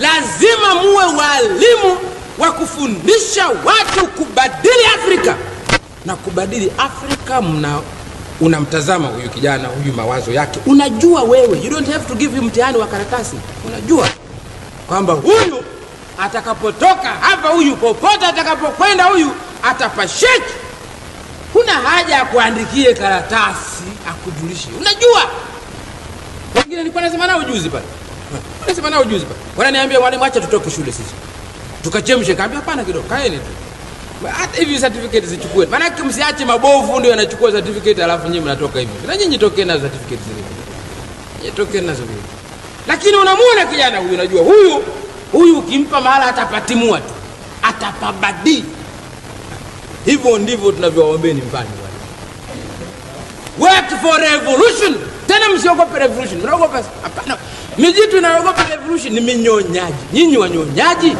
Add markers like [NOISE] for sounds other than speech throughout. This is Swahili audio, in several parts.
lazima muwe waalimu wa kufundisha watu kubadili Afrika na kubadili Afrika. Mna unamtazama huyu kijana huyu, mawazo yake unajua wewe, you don't have to give him mtihani wa karatasi. Unajua kwamba huyu atakapotoka hapa, huyu popote atakapokwenda, huyu atapasheki. Kuna haja ya kuandikie karatasi akujulishe, unajua. Wengine nilikuwa nasema nao ujuzi pale Nasema nao juzi pa. Wananiambia mwalimu, acha tutoke shule sisi. Tukachemshe, kaambia hapana kidogo, kaeni tu. Hata hivi certificate zichukue. Maana msiache mabovu ndio yanachukua certificate alafu nyinyi mnatoka hivi. Na nyinyi tokeni na certificate zile. Nyinyi tokeni nazo hivi. Lakini unamwona kijana huyu, unajua huyu huyu ukimpa mahala atapatimua tu. Atapabadi. Hivyo ndivyo tunavyowaombeni mfanye Work for revolution. Tena msiogope revolution. Mnaogopa? Hapana mijitu inayoogopa revolution ni minyonyaji. Nyinyi wanyonyaji,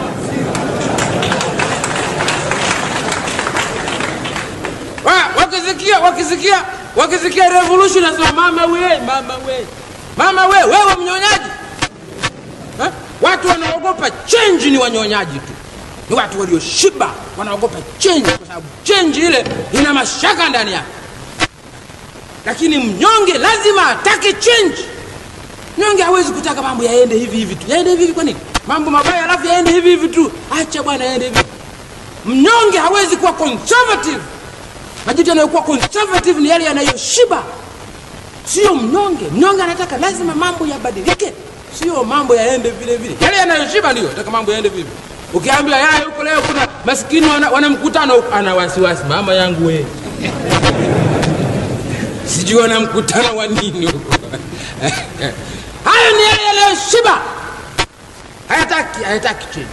wakisikia wakisikia wakisikia revolution nasema mama we, mama we, mama we, wewe mnyonyaji Watu wanaogopa change ni wanyonyaji tu, ni watu walioshiba wanaogopa change kwa sababu change ile ina mashaka ndani yake, lakini mnyonge lazima atake change. Mnyonge hawezi kutaka mambo yaende hivi hivi tu, yaende hivi hivi. Kwa nini mambo mabaya alafu yaende hivi hivi tu? Acha bwana, yaende hivi. Mnyonge hawezi kuwa conservative. Majuto yanayokuwa conservative ni yale yanayoshiba, sio mnyonge. Mnyonge anataka lazima mambo yabadilike, sio mambo yaende vile vile. Yale yanayoshiba ndio nataka mambo yaende vile vile. Ukiambiwa yaya huko leo kuna maskini wanamkutana wana ana wasiwasi, mama yangu we [LAUGHS] sijui wana wa nini huko [LAUGHS] hayo ni yale yaliyoshiba, hayataki hayataki chenji.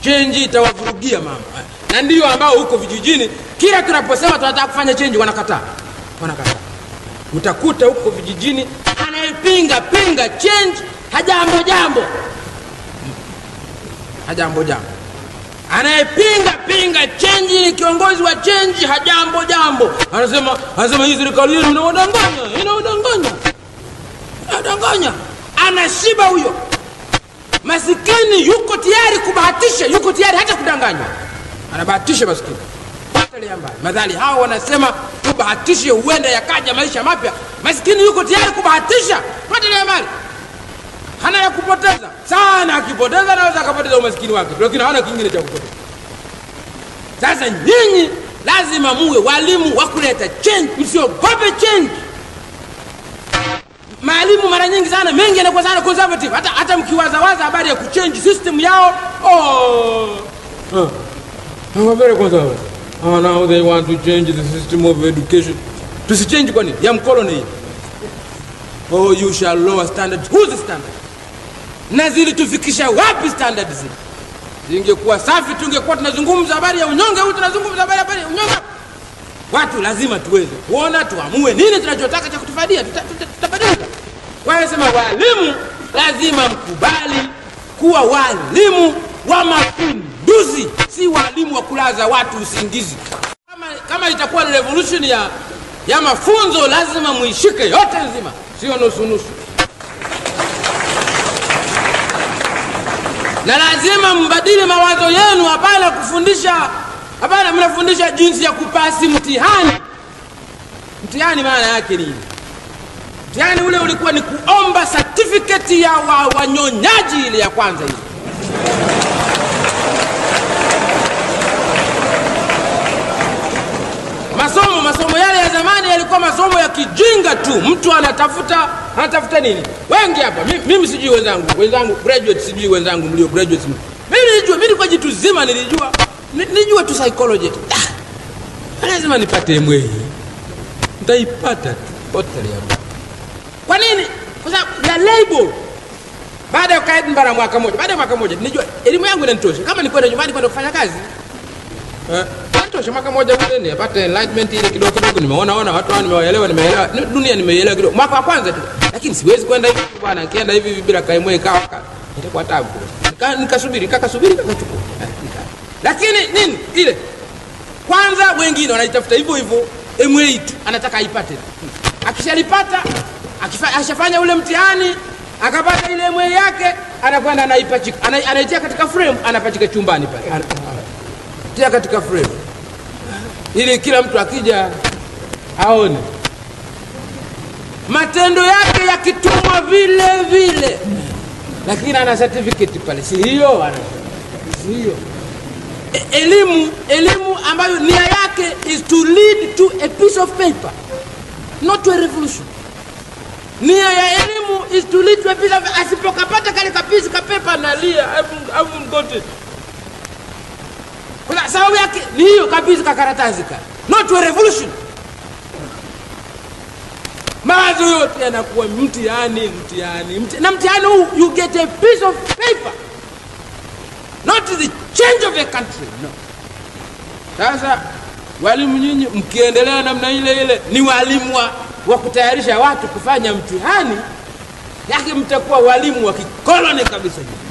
Chenji itawavurugia mama, na ndio ambao huko vijijini kila tunaposema tunataka kufanya chenji wanakataa, wanakataa. Utakuta huko vijijini anayepinga pinga chenji hajambo jambo, hajambo jambo. Anayepinga pinga chenji ni kiongozi wa chenji, hajambo jambo. Anasema anasema hii serikali yenu inawadanganya, inawadanganya, inadanganya anashiba huyo masikini, yuko tayari kubahatisha, yuko tayari hata kudanganywa, anabahatisha masikini. Madhali hao wanasema tubahatishe, huenda yakaja maisha mapya. Masikini yuko tayari kubahatisha, patalia mali hana ya kupoteza sana. Akipoteza anaweza akapoteza umasikini wake, lakini hana kingine cha kupoteza. Sasa nyinyi lazima muwe walimu wa kuleta change, msiogope change elimu mara nyingi sana mengi yanakuwa sana conservative, hata hata mkiwazawaza habari ya kuchange system yao oh. uh, very conservative. Oh, now they want to change the system of education. Tusichange kwani ya mkoloni hii. Oh, you shall lower standards. Whose standard? Na zilitufikisha wapi standards zile? Zingekuwa safi tungekuwa tunazungumza habari ya unyonge huu, tunazungumza habari ya unyonge. Watu lazima tuweze kuona tuamue nini tunachotaka cha kutufadia, tutabadilika. Kwa hiyo sema walimu lazima mkubali kuwa walimu wa mapinduzi, si walimu wa kulaza watu usingizi. Kama, kama itakuwa ni revolution ya, ya mafunzo lazima muishike yote nzima, sio nusunusu, na lazima mbadili mawazo yenu. Hapana kufundisha, hapana mnafundisha jinsi ya kupasi mtihani. Mtihani maana yake nini? yaani ule ulikuwa ni kuomba certificate ya wa, wanyonyaji ile ya kwanza ile. Masomo masomo yale ya zamani yalikuwa masomo ya kijinga tu, mtu anatafuta anatafuta nini? Wengi hapa mimi, mimi sijui wenzangu wenzangu graduate sijui wenzangu mlio graduate mimi nilijua mimi kwa jitu zima nilijua nilijua tu psychology. Ah, lazima nipate mwenye nitaipata tu hotel yangu kwa sababu label. Baada ya kukaa Edinburgh mwaka mmoja, baada ya mwaka mmoja nijua elimu yangu inanitosha, kama nikwenda nyumbani kwenda kufanya kazi eh, inanitosha. Mwaka mmoja ule nipate enlightenment ile kidogo kidogo, nimeona ona watu hao, nimewaelewa, nimeelewa dunia, nimeielewa kidogo, mwaka wa kwanza tu, lakini siwezi kwenda hivi bwana. Nikienda hivi bila kaimwe ikawa itakuwa tabu. Nikasubiri nikakasubiri nikachukua, lakini nini ile kwanza, wengine wanaitafuta hivyo hivyo, M8 anataka aipate, akishalipata ashafanya ule mtihani akapata ile mwe yake, anakwenda anaipachika, anaitia katika frame, anapachika chumbani pale, tia katika frame ili kila mtu akija aone matendo yake yakitumwa vile vile, lakini ana certificate pale, si hiyo? Si hiyo e, elimu, elimu ambayo nia yake is to lead to a piece of paper, not to a revolution. Nia ya elimu isitulitwe bila, asipokapata kale kapisi kapepa nalia au mgote, kwa sababu yake ni hiyo kapizi kakaratasi ka not a revolution. Mawazo yote yanakuwa mtihani, mtihani, na mtihani huu you get a piece of paper not the change of a country no. Sasa walimu nyinyi mkiendelea namna ile ile ni walimu wa wa kutayarisha watu kufanya mtihani yake, mtakuwa walimu wa kikoloni kabisa.